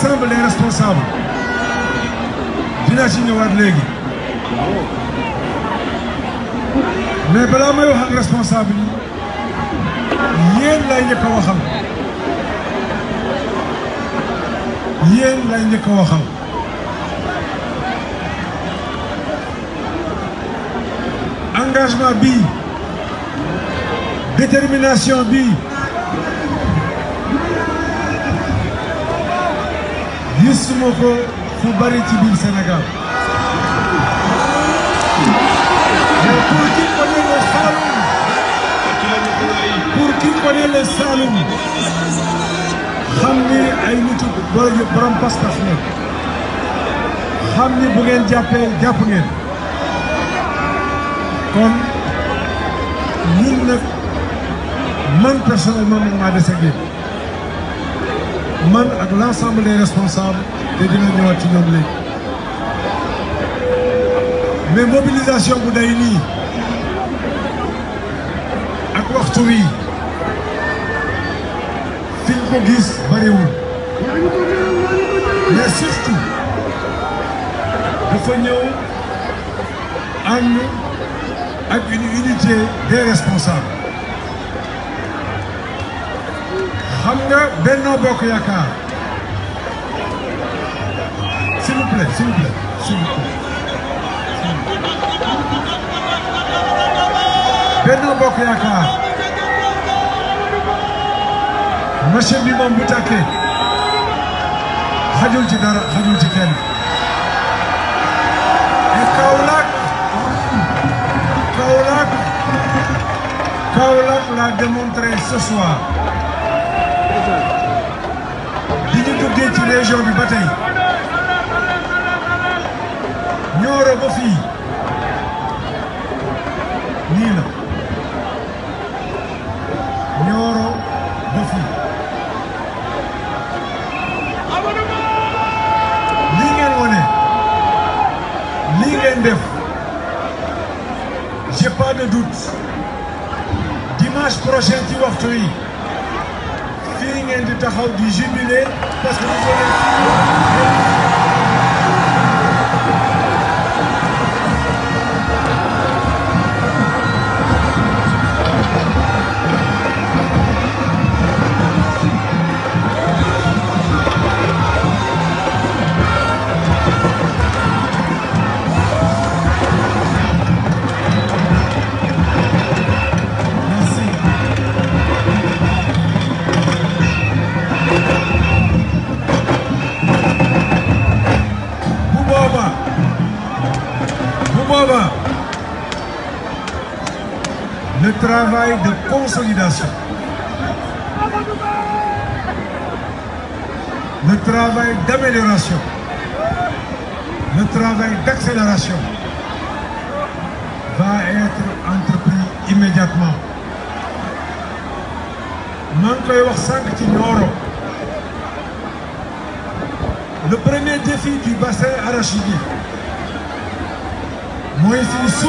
rassemble les responsables dinaa ci ñëwaat léegi mais balaa may wax ak responsable yi yéen lay njëkk a waxal yéen lay njëkk a waxal engagement bi détermination bi gisuma ko fu bari ci biir Sénégal mais pour qui connaît le Saloum xam ni ay nitu borom borom pas-pas nekk xam ni bu jàppee jàpp ngeen kon ñun nag man personnellement man maa des ak man ak l' ensemble des responsables te dina ñëwaat mais mobilisation bu day nii ak waxtu wi fi ñu ko gis bariwul mais surtout dafa ñëw ànd ak une unité des responsables. xam nga Benno Bokk Yaakaar s'il vous plaît s'il vous plaît s'il vous plaît Benno Bokk Yaakaar monsieur bi moom bu tàkkee xajul ci dara xajul ci kenn et Kaolack Kaolack Kaolack l'a démontré ce soir liggéey ci région bi ba tey Nioro lii ngeen wone lii ngeen def j'ai pas dimanche prochain ci waxtu yi fii ngeen di taxaw di jubilé Parce que vous travail de consolidation. Le travail d'amélioration. Le travail d'accélération va être entrepris immédiatement. Le premier défi du bassin arachidier, moi, il faut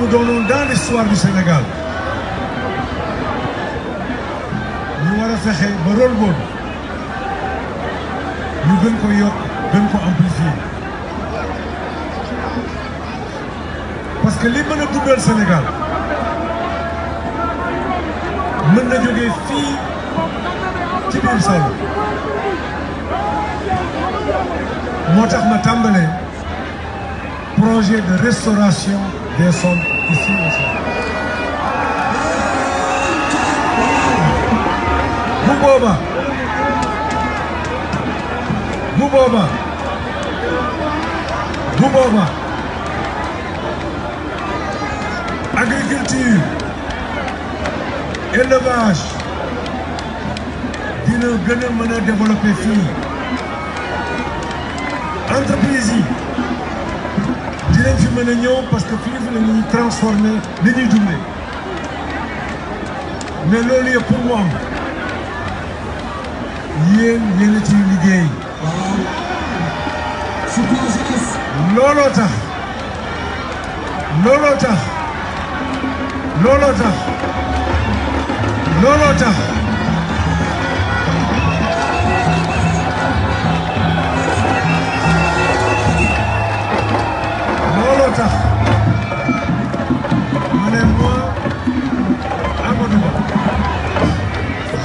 mu doonoon dans l'histoire du Sénégal ñu war a fexe ba rôle boobu ñu gën ko yokk gën ko amplifier parce que li mën a dundal Sénégal mën na jógee fii ci biir Saloum moo tax ma tàmbalee projet de restauration des sommes ici aussi. bu boobaa bu boobaa bu boobaa agriculture élevage dina gën a mën fii entreprise dinañ fi mën a ñëw parce que fii fi la ñuy transformé li ñuy dundee mais loolu yëpp ciy liggéey. waaw. looloo tax.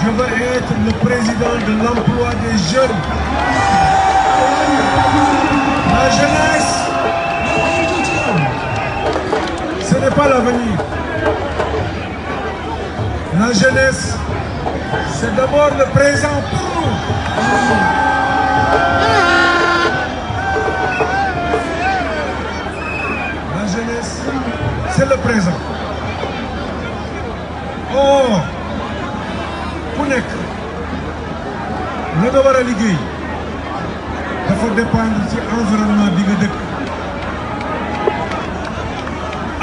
Je veux le président de l'emploi des jeunes. La jeunesse, ce n'est pas l'avenir. La jeunesse, c'est d'abord le présent pour La jeunesse, c'est le présent. Oh, nekk la nga war a liggéey dafa dépendre ci environnement bi nga dëkk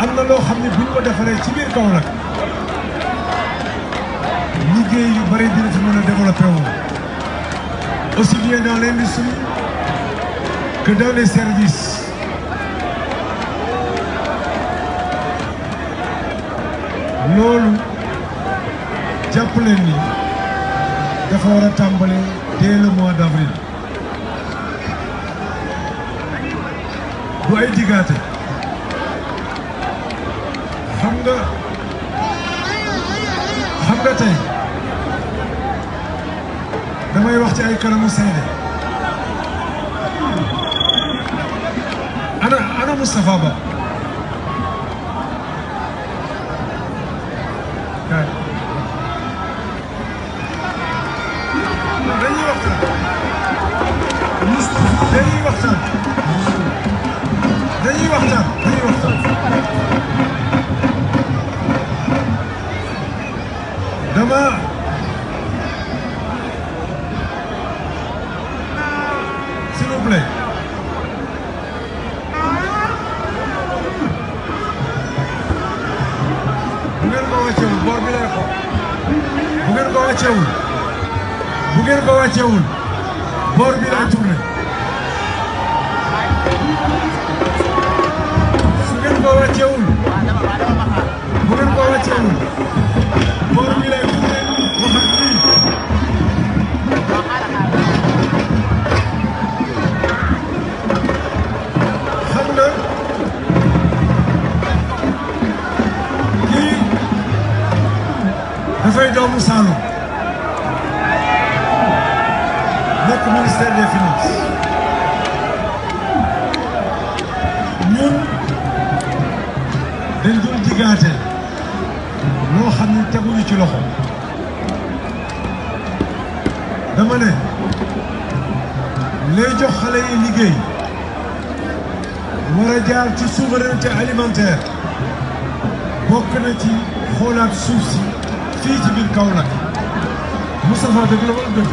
am na loo xam ne buñ ko defaree ci biir Kaolack liggéey yu bëri dina fi mën a développé wu aussi bien dans l'industrie que dans les services loolu jàpp leen ni dafa war a tàmbali dès le mois d' avril du ay digaate xam nga xam nga tey damay wax ci ay kanamu seede ana ana Moustapha Ba bu ngeen ko wàccewul bu ngeen ko bi laa tourné dafay doomu Saloum nekk ministère des finances ñun dañ doon digaateel loo xam ne teguñu ci loxo dama ne lay jox xale yi liggéey war a jaar ci souveraineté alimentaire bokk na ci xoolaat suuf fii ci biir Kaolack Moustapha dëgg la wala dëgg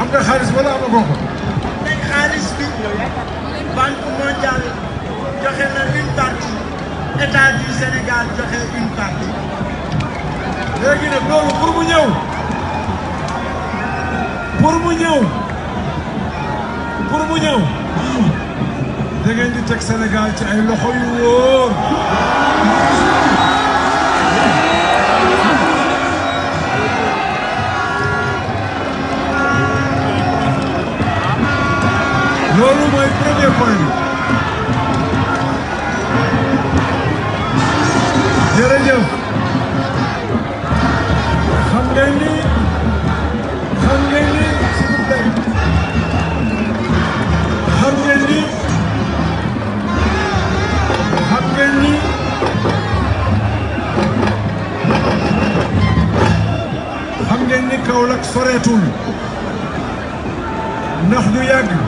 am nga xaalis wala am nga ko. léegi xaalis bi banque mondiale joxe na une partie état du Sénégal joxe une partie. léegi nag loolu pour mu ñëw pour mu ñëw pour mu ñëw. da ngeen di teg Sénégal ci ay loxo yu wóor. loolu mooy premier point bi jërëjëf xam ngeen ni xam ngeen ni s'il vous plaît xam du yàgg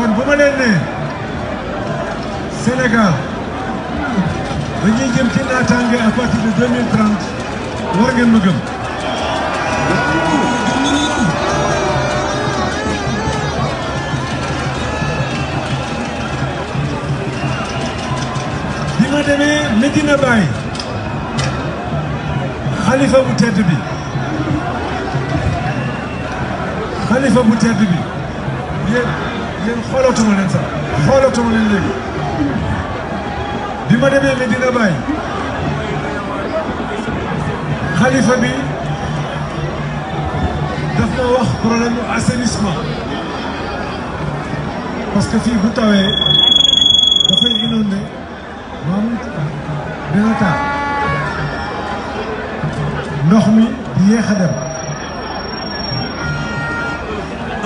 kon bu ma leen ne Sénégal dañuy jëm ci naataange à partir de 2030 war ma gëm bi ma demee Medina Baye xalifa bu tedd bi xalifa bu tedd bi yéen xoolatuma leen sax xoolatuma leen léegi bi ma demee Medina Baye xalifa bi daf ma wax problème mu assainissement parce que fii bu tawee dafay inondé maanaam dina taa ndox mi di yéex a dem.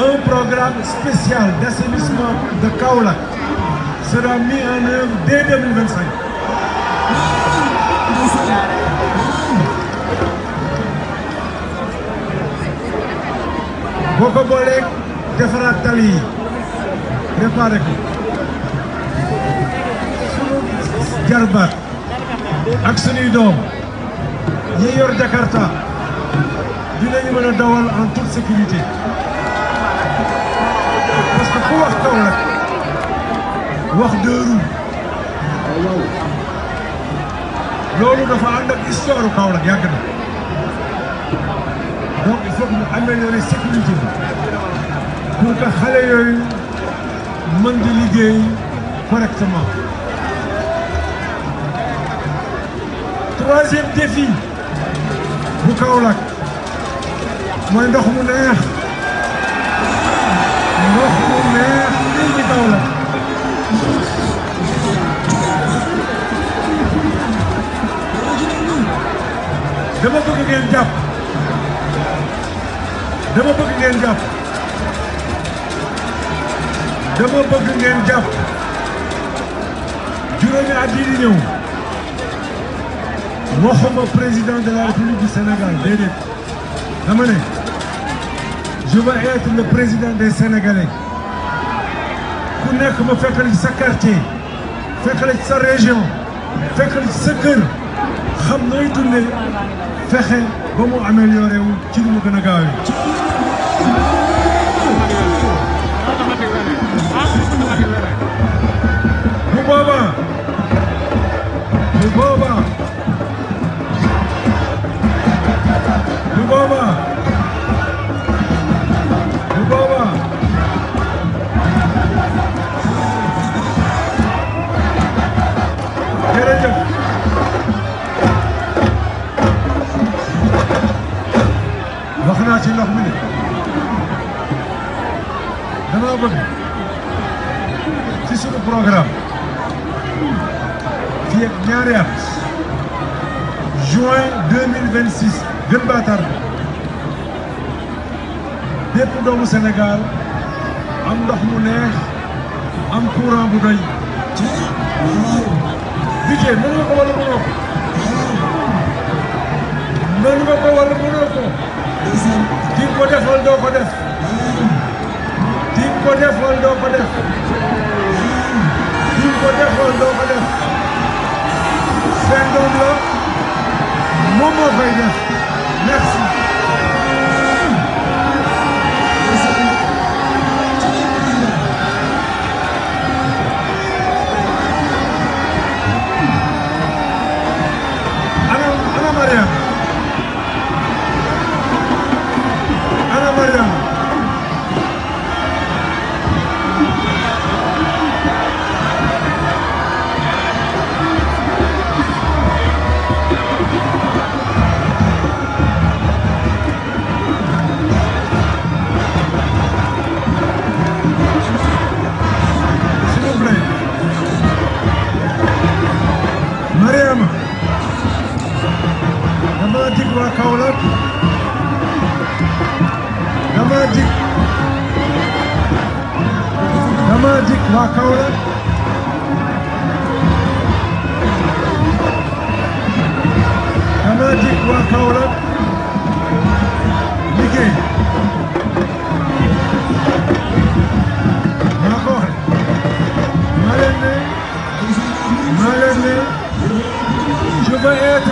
un programme spécial d'assainissement de Kaolack sera mis en œuvre dès 2025. boo ko booleeg defaraat tali yi réparé ko sunu jarbaat ak sunuy doom yi yor Jakarta dinañu mën a dawal en toute sécurité. ku wax Kaolack wax Dóoru loolu dafa ànd ak histoire Kaolack yàgg na donc il faut que ñu améliorer sécurité bi pour que xale yooyu mën di liggéey correctement. troisième défi bu Kaolack mooy ndox mu neex. jàpp dama bëgg ngeen jàpp dama bëgg ngeen jàpp juróomi at yii di ñëw waxuma président de la République du Sénégal déedéet dama ne je vais être le président des Sénégalais ku nekk ma fekk la ci sa quartier fekk la ci sa région fekk la ci sa kër xam nooy dundee fexe ba mu amélioré wu ci lu mu gën a gaawee. bu boobaa bu doomu Sénégal am ndox mu neex am courant bu doy. budget mën nga ko wala mënoo ko. mën nga ko wala mënoo ko. di ko def wala doo ko def. di ko def wala doo ko def. di ko def wala doo ko def.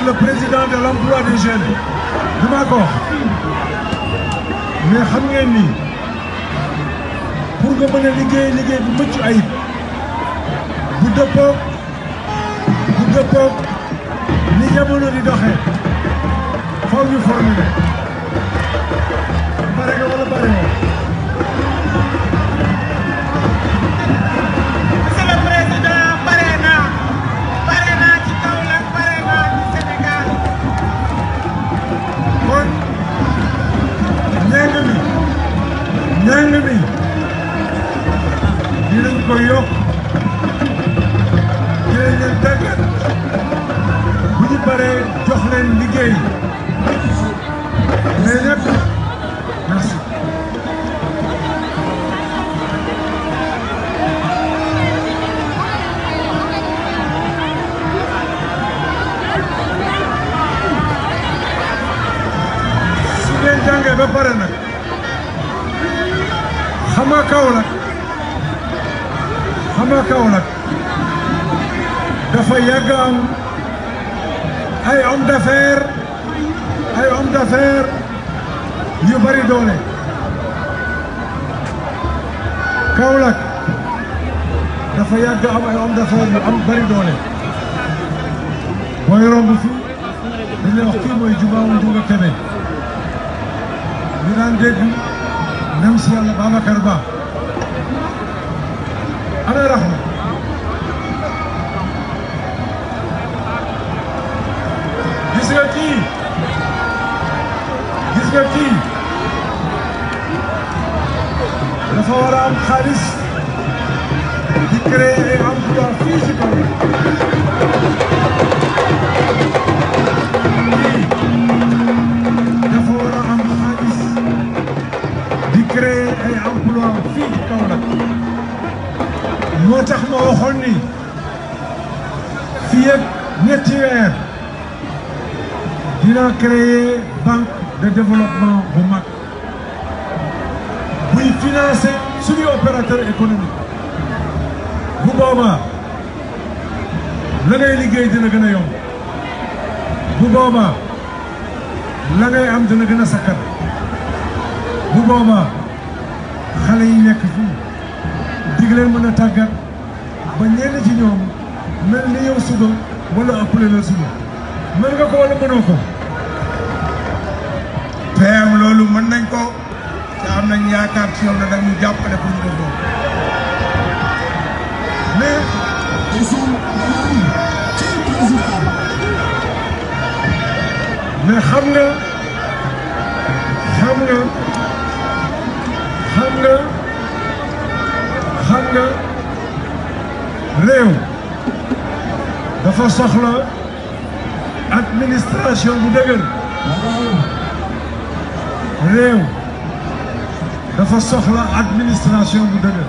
le président de l'emploi des jeunes du maa ko mais xam ngeen ni pour nga mën a liggéey liggéey bu mucc ayib bu dëppoog bu dëppoog ni jamono di doxee foog ñu formuler bare nga wala bare nga Njàng mi dinañ ko yokk leen leen liggéey mais ñëpp ba pare nag xam kaw nag. dafa yàgg am ay homme d'affaires ay homme d'affaires yu bari doole Kaolack dafa yàgg am ay homme d'affaires yu am bari doole booy romb fi dañ lay wax kii mooy jumaawu Njuga Kebe ñu daan dégg ndem si yàlla Babacar Ba ana raxma nga kii gis nga kii dafa war a am xaalis di créer ay emploi fii ci Bambey dafa war a am xaalis di créer ay emploi fii ci Kaolack moo tax ma waxoon ni fii ak ñetti weer dina créer banque de développement bu mag buy financer suñu opérateur économique bu boobaa la ngay liggéey dina gën a yomb bu boobaa la ngay am dina gën a sakkat bu boobaa xale yi nekk fii dig leen mën a tàggat ba ñenn ci ñoom mel ni yow suba wala ëppale la suba mën nga ko wala mënoo ko PM loolu mën nañ ko te am nañ yaakaar ci yow na da ñu jàppale pour ñu def loolu mais isan xam nga xam nga xam nga xam nga réew bu dëgër réew dafa soxla administration bu dëgër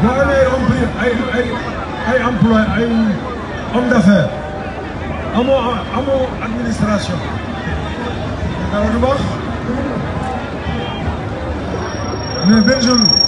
boo amee empli ay ay ay emploi ay homme d'affaires amoo amoo administration dara du baax mais benn jour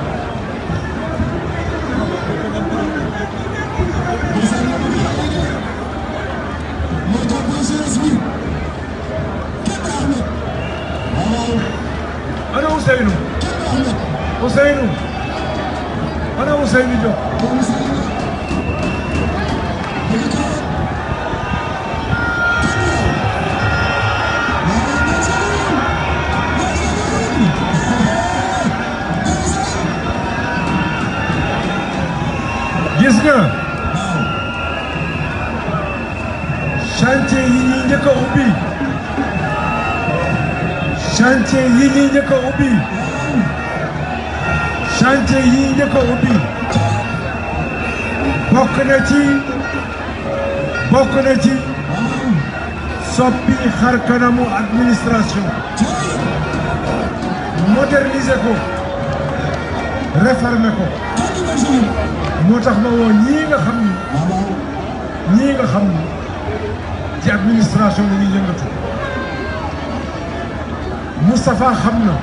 chantier yi ñuy njëkk a ubbi chantier yi ñuy njëkk a ubbi chantier yi a bokk na ci bokk na ci soppi xar administration moderniser ko réformer ko moo tax ma woo ñii nga xam ni ñii nga xam ni ci administration la ñuy yëngatu Moustapha xam na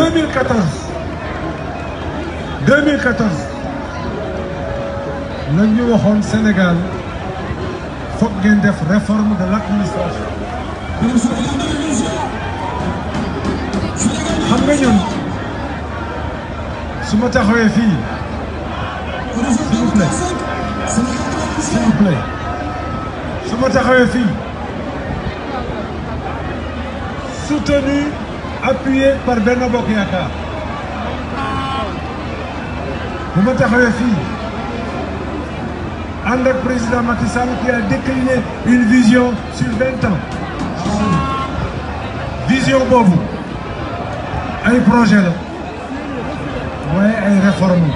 2014 2014 lañ ñu waxoon Sénégal foog ngeen def réforme de l' administration. xam nga ñun su ma taxawee fii s'il vous plaît s'il vous plaît. su ma taxawee fii soutenu appuyé par Benno Bokk Yaakaar bu ma taxawee fii président Macky Sall qui a décliné une vision sur vingt ans vision boobu ay projet la waaye ay réforme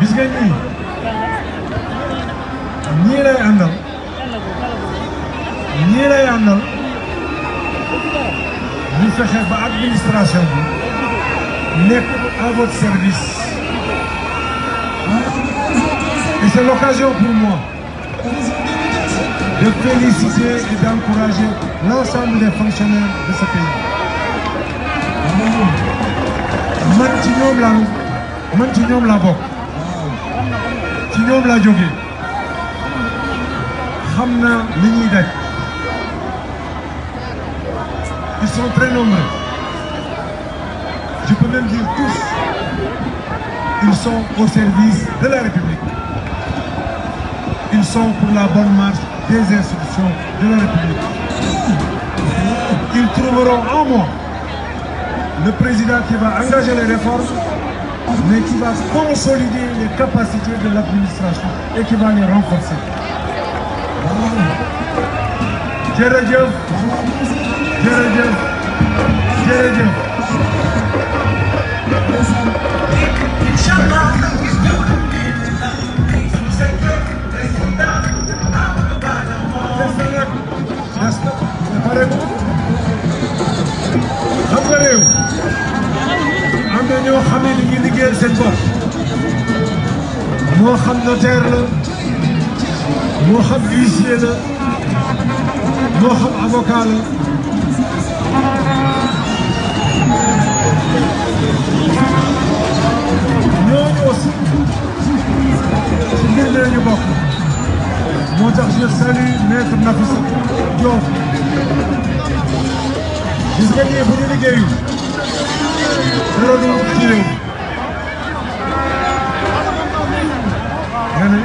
gis nga nii ñii lay àndal ñii lay àndal fexe ba administration nekk à service et l'occasion pour moi de féliciter et d'encourager l'ensemble de ce pays man ci ñoom laa man bokk ci ñoom laa jógee xam na li ñuy daj ils sont très nombreux je peux même dire tous ils sont au service de la République ils sont pour la bonne marche des institutions de la République ils trouveront en moi le président qui va engager les réformes mais qui va consolider les capacités de l'administration et qui va les renforcer jërëjëf jërëjëf jërëjëf xam nga réew am na ñoo xam ne ñu ngi liggéeyal seen bopp moo xam notaire la moo xam huissier la moo xam avocat la ñooñu aussi ci mbir mi ñu bokk moo tax je salue maître Nafisa Diop gis nga nii bu ñu liggéeyu dara du ci réew nga ne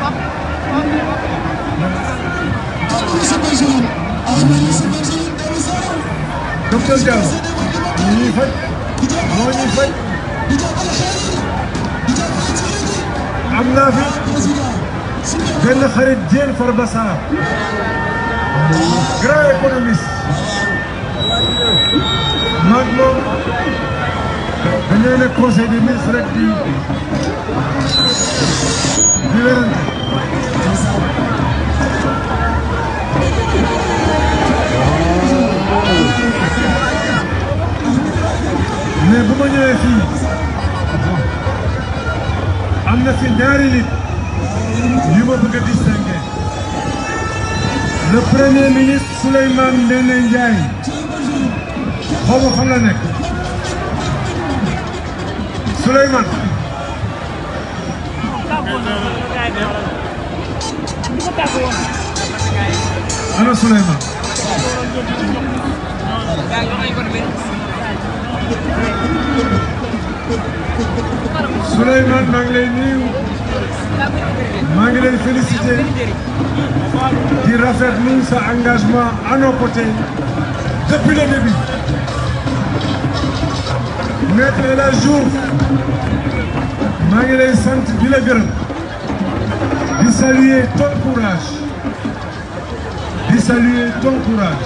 docteur Diallo ñu ñuy faj moo ñuy faj am naa fi benn xarit Diène Farba Sarr grand économiste maag moom dañoo nekk conseil des ministres rek di di wérante mais bu ma ñëwee am na fi ñaari nit yu ma bëgg a distinguer le premier ministre la nekk Souleymane ana Souleymane Souleymane maa ngi lay nuyu maa ngi lay félicité di rafetlu sa engagement à nos côtés depuis le début. Maître El Hadji Diouf maa ngi lay sant di la gërëm di saluer ton courage di saluer ton courage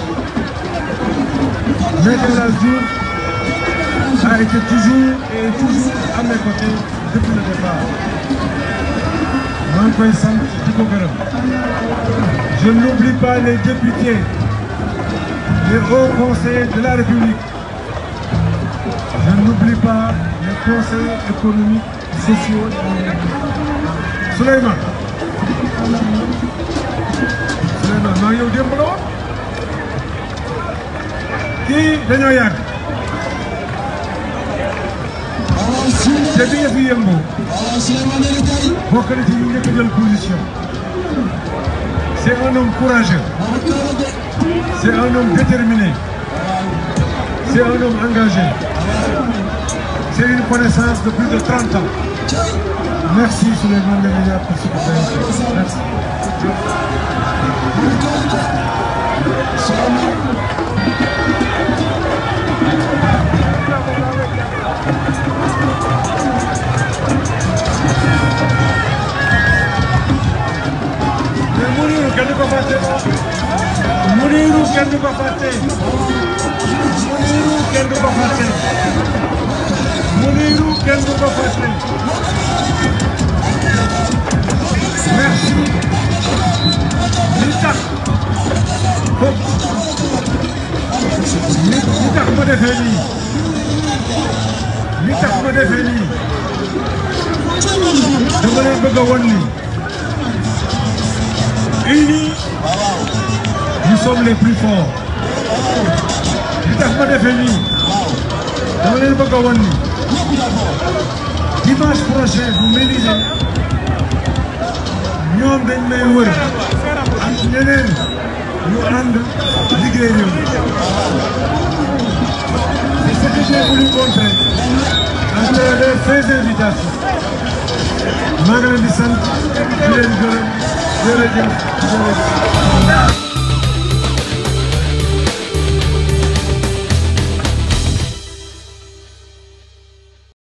Maître El Hadji Diouf a été toujours et toujours à mes côtés. depuis le départ maa ngi koy sant je n'oublie pas les députés les hauts conseillers de la République je n'oublie pas les conseillers économiques sociaux Souleymane Souleymane maa ngi yow démb la woon kii dañoo yàgg te bi yëf yi yëngoo bokk na ci ñu a jël position c'est un homme courageux c'est un homme déterminé c'est un homme engagé c'est une connaissance de plus de 30 ans merci Souleymane Ndéné Ndiaye pour ce kenn du ko fàtte Mounirou kenn du ko fàtte Mounirou kenn du ko fàtte Mounirou kenn du ko fàtte merci li tax li tax ma defee lii li tax ma defee lii dama leen bëgg a wan nii unis nous sommes les li tax ma defee nii dama leen bëgg a wan ni dimanche prochain bu Mélisée ñoom dañ may wër ak ñeneen ñu ànd liggéey TV ses invitations maa ngi leen di sant di leen gërëm jërëjëf